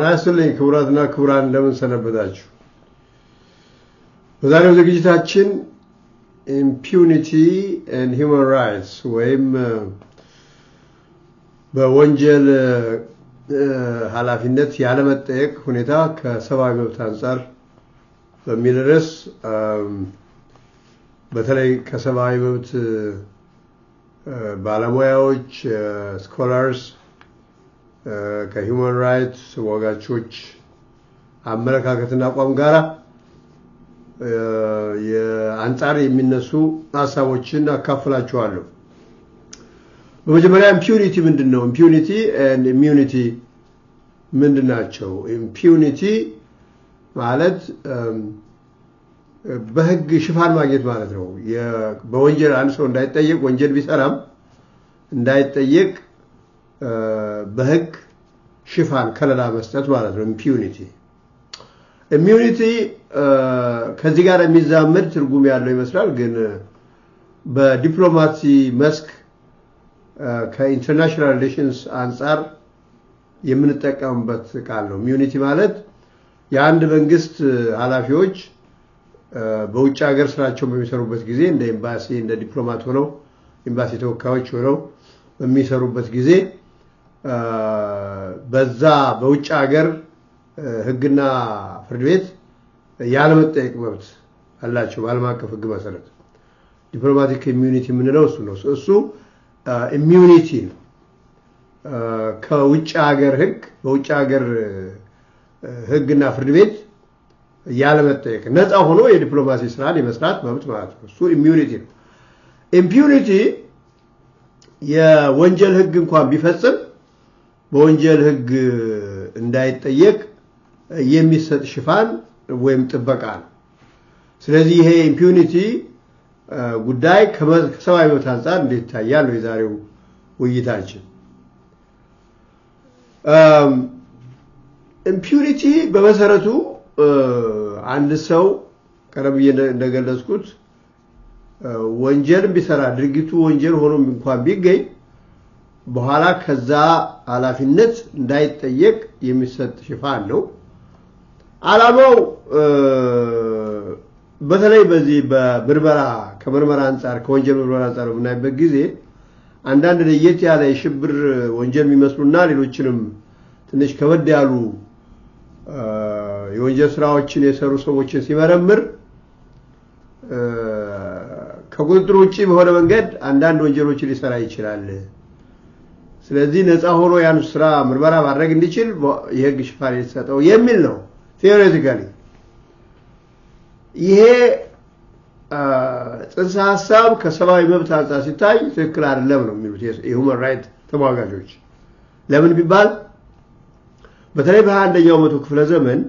ጤና ይስጥልኝ ክቡራትና ክቡራን እንደምን ሰነበታችሁ። በዛሬው ዝግጅታችን ኢምፒዩኒቲ ኤንድ ሂውማን ራይትስ ወይም uh, በወንጀል uh, ኃላፊነት ያለመጠየቅ ሁኔታ ከሰብአዊ መብት አንጻር በሚል ርዕስ um, በተለይ ከሰብአዊ መብት uh, ባለሙያዎች ስኮላርስ ከሂውማን ራይትስ ዋጋቾች አመለካከትና አቋም ጋራ የአንጻር የሚነሱ ሀሳቦችን አካፍላችኋለሁ። በመጀመሪያ ኢምፒዩኒቲ ምንድን ነው? ኢምፒዩኒቲ ኤንድ ኢሚዩኒቲ ምንድን ናቸው? ኢምፒዩኒቲ ማለት በህግ ሽፋን ማግኘት ማለት ነው። በወንጀል አንድ ሰው እንዳይጠየቅ ወንጀል ቢሰራም እንዳይጠየቅ በህግ ሽፋን ከለላ መስጠት ማለት ነው። ኢምፒዩኒቲ ኢሚዩኒቲ ከዚህ ጋር የሚዛመድ ትርጉም ያለው ይመስላል። ግን በዲፕሎማሲ መስክ ከኢንተርናሽናል ሪሌሽንስ አንጻር የምንጠቀምበት ቃል ነው። ኢምዩኒቲ ማለት የአንድ መንግስት ኃላፊዎች በውጭ ሀገር ስራቸውን በሚሰሩበት ጊዜ እንደ ኤምባሲ እንደ ዲፕሎማት ሆነው ኤምባሲ ተወካዮች ሆነው በሚሰሩበት ጊዜ በዛ በውጭ ሀገር ህግና ፍርድ ቤት ያለመጠየቅ መብት አላቸው። በዓለም አቀፍ ህግ መሰረት ዲፕሎማቲክ ኢሚዩኒቲ የምንለው እሱ ነው። እሱ ኢሚዩኒቲ ነው። ከውጭ ሀገር ህግ በውጭ ሀገር ህግና ፍርድ ቤት ያለመጠየቅ ነፃ ሆኖ የዲፕሎማሲ ስራን የመስራት መብት ማለት ነው። እሱ ኢሚዩኒቲ ነው። ኢምፒዩኒቲ የወንጀል ህግ እንኳን ቢፈጽም በወንጀል ህግ እንዳይጠየቅ የሚሰጥ ሽፋን ወይም ጥበቃ ነው። ስለዚህ ይሄ ኢምፒዩኒቲ ጉዳይ ከሰብአዊ መብት አንጻር እንዴት ይታያል ነው የዛሬው ውይይታችን። ኢምፒዩኒቲ በመሰረቱ አንድ ሰው ቀደም ብዬ እንደገለጽኩት ወንጀል ቢሰራ ድርጊቱ ወንጀል ሆኖ እንኳን ቢገኝ በኋላ ከዛ ኃላፊነት እንዳይጠየቅ የሚሰጥ ሽፋን ነው። ዓላማው በተለይ በዚህ በምርመራ ከምርመራ አንጻር ከወንጀል ምርመራ አንጻር በምናይበት ጊዜ አንዳንድ ለየት ያለ የሽብር ወንጀል የሚመስሉና ሌሎችንም ትንሽ ከበድ ያሉ የወንጀል ስራዎችን የሰሩ ሰዎችን ሲመረምር ከቁጥጥር ውጭ በሆነ መንገድ አንዳንድ ወንጀሎችን ሊሰራ ይችላል። ስለዚህ ነፃ ሆኖ ያን ስራ ምርመራ ማድረግ እንዲችል የህግ ሽፋን የተሰጠው የሚል ነው ቴዎሬቲካሊ። ይሄ ጽንሰ ሀሳብ ከሰብአዊ መብት አንጻር ሲታይ ትክክል አይደለም ነው የሚሉት የሁመን ራይት ተሟጋቾች። ለምን ቢባል በተለይ በሀያ አንደኛው መቶ ክፍለ ዘመን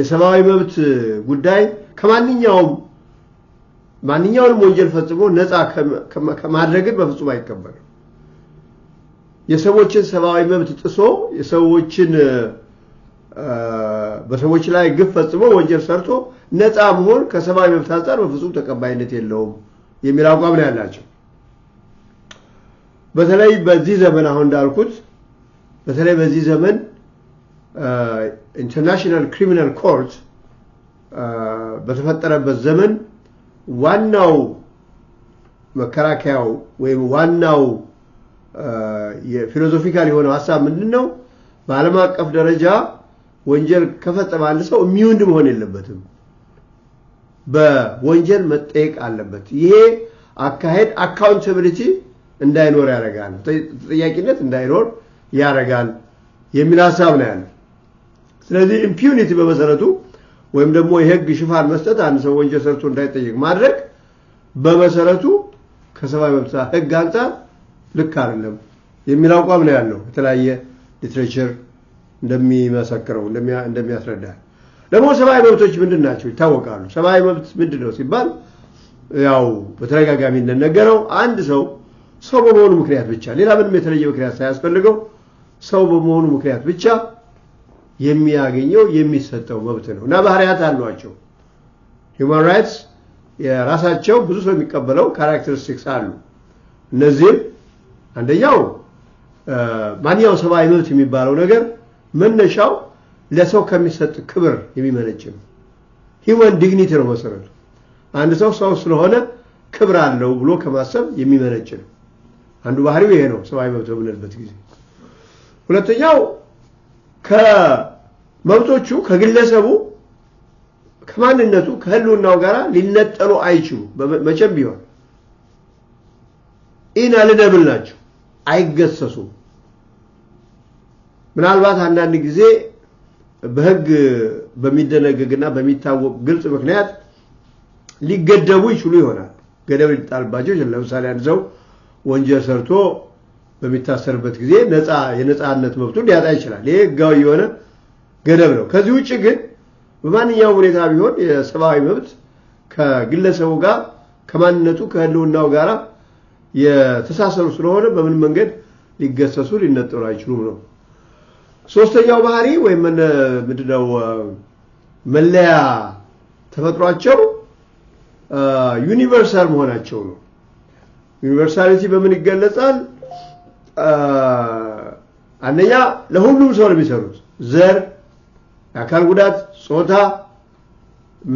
የሰብአዊ መብት ጉዳይ ከማንኛውም ማንኛውንም ወንጀል ፈጽሞ ነፃ ከማድረግን በፍጹም አይቀበልም። የሰዎችን ሰብአዊ መብት ጥሶ የሰዎችን በሰዎች ላይ ግፍ ፈጽሞ ወንጀል ሰርቶ ነፃ መሆን ከሰብአዊ መብት አንጻር በፍጹም ተቀባይነት የለውም የሚል አቋም ነው ያላቸው። በተለይ በዚህ ዘመን አሁን እንዳልኩት በተለይ በዚህ ዘመን ኢንተርናሽናል ክሪሚናል ኮርት በተፈጠረበት ዘመን ዋናው መከራከያው ወይም ዋናው የፊሎዞፊካል የሆነው ሀሳብ ምንድን ነው? በዓለም አቀፍ ደረጃ ወንጀል ከፈጸመ አንድ ሰው የሚውንድ መሆን የለበትም። በወንጀል መጠየቅ አለበት። ይሄ አካሄድ አካውንታብሊቲ እንዳይኖር ያደርጋል፣ ተጠያቂነት እንዳይኖር ያደርጋል የሚል ሀሳብ ነው ያለ። ስለዚህ ኢምፒዩኒቲ በመሰረቱ ወይም ደግሞ የህግ ሽፋን መስጠት አንድ ሰው ወንጀል ሰርቶ እንዳይጠየቅ ማድረግ በመሰረቱ ከሰብአዊ መብት ህግ አንጻር ልክ አይደለም የሚል አቋም ነው ያለው። የተለያየ ሊትሬቸር እንደሚመሰክረው እንደሚያስረዳ ደግሞ ሰብአዊ መብቶች ምንድን ናቸው ይታወቃሉ። ሰብአዊ መብት ምንድን ነው ሲባል ያው በተደጋጋሚ እንደነገረው አንድ ሰው ሰው በመሆኑ ምክንያት ብቻ ሌላ ምንም የተለየ ምክንያት ሳያስፈልገው ሰው በመሆኑ ምክንያት ብቻ የሚያገኘው የሚሰጠው መብት ነው እና ባህሪያት አሏቸው። ሂውማን ራይትስ የራሳቸው ብዙ ሰው የሚቀበለው ካራክተሪስቲክስ አሉ። እነዚህም አንደኛው ማንኛውም ሰብአዊ መብት የሚባለው ነገር መነሻው ለሰው ከሚሰጥ ክብር የሚመነጭ ነው። ዲግኒቲ ነው መሰረቱ። አንድ ሰው ሰው ስለሆነ ክብር አለው ብሎ ከማሰብ የሚመነጭ ነው። አንዱ ባህሪው ይሄ ነው፣ ሰብአዊ መብት በምንልበት ጊዜ። ሁለተኛው ከመብቶቹ ከግለሰቡ ከማንነቱ ከህልውናው ጋር ሊነጠሉ አይችሉ መቼም ቢሆን ኢናልነብል ናቸው። አይገሰሱም። ምናልባት አንዳንድ ጊዜ በህግ በሚደነገግና በሚታወቅ ግልጽ ምክንያት ሊገደቡ ይችሉ ይሆናል። ገደብ ሊጣልባቸው ለምሳሌ አንድ ሰው ወንጀል ሰርቶ በሚታሰርበት ጊዜ ነፃ የነፃነት መብቱን ሊያጣ ይችላል። ይሄ ህጋዊ የሆነ ገደብ ነው። ከዚህ ውጭ ግን በማንኛውም ሁኔታ ቢሆን የሰብአዊ መብት ከግለሰቡ ጋር ከማንነቱ ከህልውናው ጋር የተሳሰሩ ስለሆነ በምን መንገድ ሊገሰሱ ሊነጠሩ አይችሉም ነው። ሶስተኛው ባህሪ ወይም ምንድነው መለያ ተፈጥሯቸው ዩኒቨርሳል መሆናቸው ነው። ዩኒቨርሳሊቲ በምን ይገለጻል? አንደኛ ለሁሉም ሰው ነው የሚሰሩት። ዘር፣ የአካል ጉዳት፣ ጾታ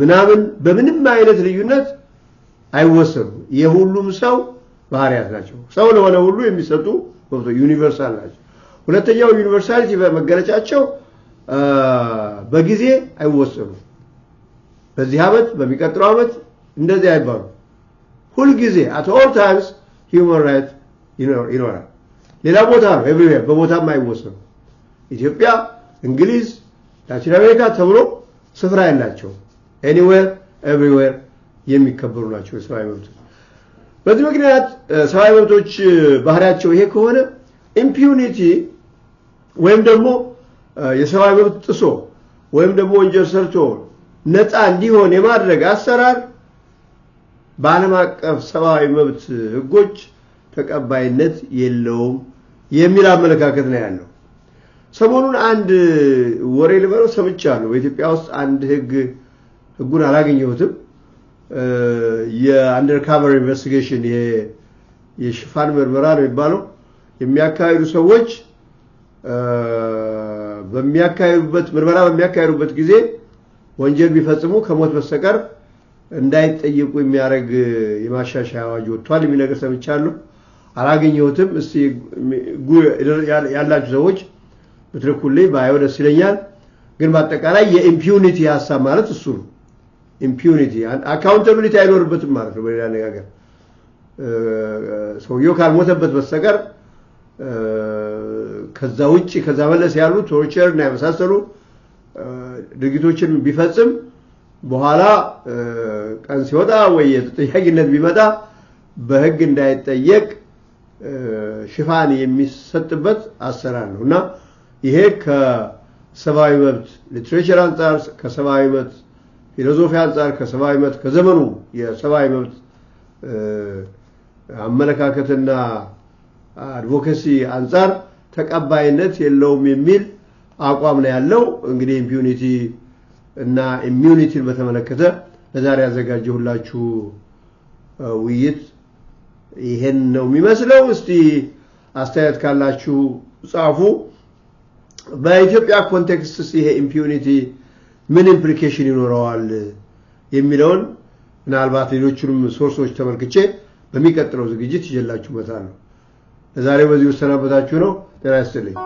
ምናምን በምንም አይነት ልዩነት አይወሰኑም። የሁሉም ሰው ባህሪያት ናቸው። ሰው ለሆነ ሁሉ የሚሰጡ መብቶች ዩኒቨርሳል ናቸው። ሁለተኛው ዩኒቨርሳሊቲ መገለጫቸው በጊዜ አይወሰኑ። በዚህ ዓመት፣ በሚቀጥለው ዓመት እንደዚህ አይባሉ። ሁልጊዜ አት ኦል ታይምስ ሂውማን ራይት ይኖራል። ሌላ ቦታ ነው ኤቭሪዌር፣ በቦታም አይወሰኑ። ኢትዮጵያ፣ እንግሊዝ፣ ላቲን አሜሪካ ተብሎ ስፍራ ያላቸው ኤኒዌር ኤቭሪዌር የሚከበሩ ናቸው የሰብአዊ መብቶች። በዚህ ምክንያት ሰብአዊ መብቶች ባህሪያቸው ይሄ ከሆነ ኢምፒዩኒቲ ወይም ደግሞ የሰብአዊ መብት ጥሶ ወይም ደግሞ ወንጀል ሰርቶ ነፃ እንዲሆን የማድረግ አሰራር በዓለም አቀፍ ሰብአዊ መብት ህጎች ተቀባይነት የለውም የሚል አመለካከት ነው ያለው። ሰሞኑን አንድ ወሬ ልበለው ሰምቻለሁ። በኢትዮጵያ ውስጥ አንድ ህግ ህጉን አላገኘሁትም የአንደርካቨር ኢንቨስቲጌሽን ይሄ የሽፋን ምርመራ ነው የሚባለው የሚያካሂዱ ሰዎች በሚያካሂዱበት ምርመራ በሚያካሂዱበት ጊዜ ወንጀል ቢፈጽሙ ከሞት በስተቀር እንዳይጠየቁ የሚያደርግ የማሻሻያ አዋጅ ወጥቷል የሚል ነገር ሰምቻለሁ። አላገኘሁትም። እስቲ ያላችሁ ሰዎች ብትልኩልኝ ባየው ደስ ይለኛል። ግን በአጠቃላይ የኢምፒዩኒቲ ሀሳብ ማለት እሱ ነው። ኢምፒዩኒቲ አካውንተብሊቲ አይኖርበትም ማለት ነው። በሌላ አነጋገር ሰውየው ካልሞተበት በስተቀር ከዛ ውጭ ከዛ መለስ ያሉ ቶርቸር እና የመሳሰሉ ድርጊቶችን ቢፈጽም በኋላ ቀን ሲወጣ ወይ የተጠያቂነት ቢመጣ በህግ እንዳይጠየቅ ሽፋን የሚሰጥበት አሰራር ነው እና ይሄ ከሰብአዊ መብት ሊትሬቸር አንጻር ከሰብአዊ መብት ፊሎዞፊ አንጻር ከሰብአዊ መብት ከዘመኑ የሰብአዊ መብት አመለካከትና አድቮኬሲ አንጻር ተቀባይነት የለውም የሚል አቋም ነው ያለው። እንግዲህ ኢምፒዩኒቲ እና ኢሚዩኒቲን በተመለከተ ለዛሬ ያዘጋጀሁላችሁ ውይይት ይሄን ነው የሚመስለው። እስቲ አስተያየት ካላችሁ ጻፉ። በኢትዮጵያ ኮንቴክስት ይሄ ኢምፒዩኒቲ ምን ኢምፕሊኬሽን ይኖረዋል የሚለውን ምናልባት ሌሎቹንም ሶርሶች ተመልክቼ በሚቀጥለው ዝግጅት ይዤላችሁ እመጣለሁ። ለዛሬው በዚህ ወሰናበታችሁ ነው። ጤና ይስጥልኝ።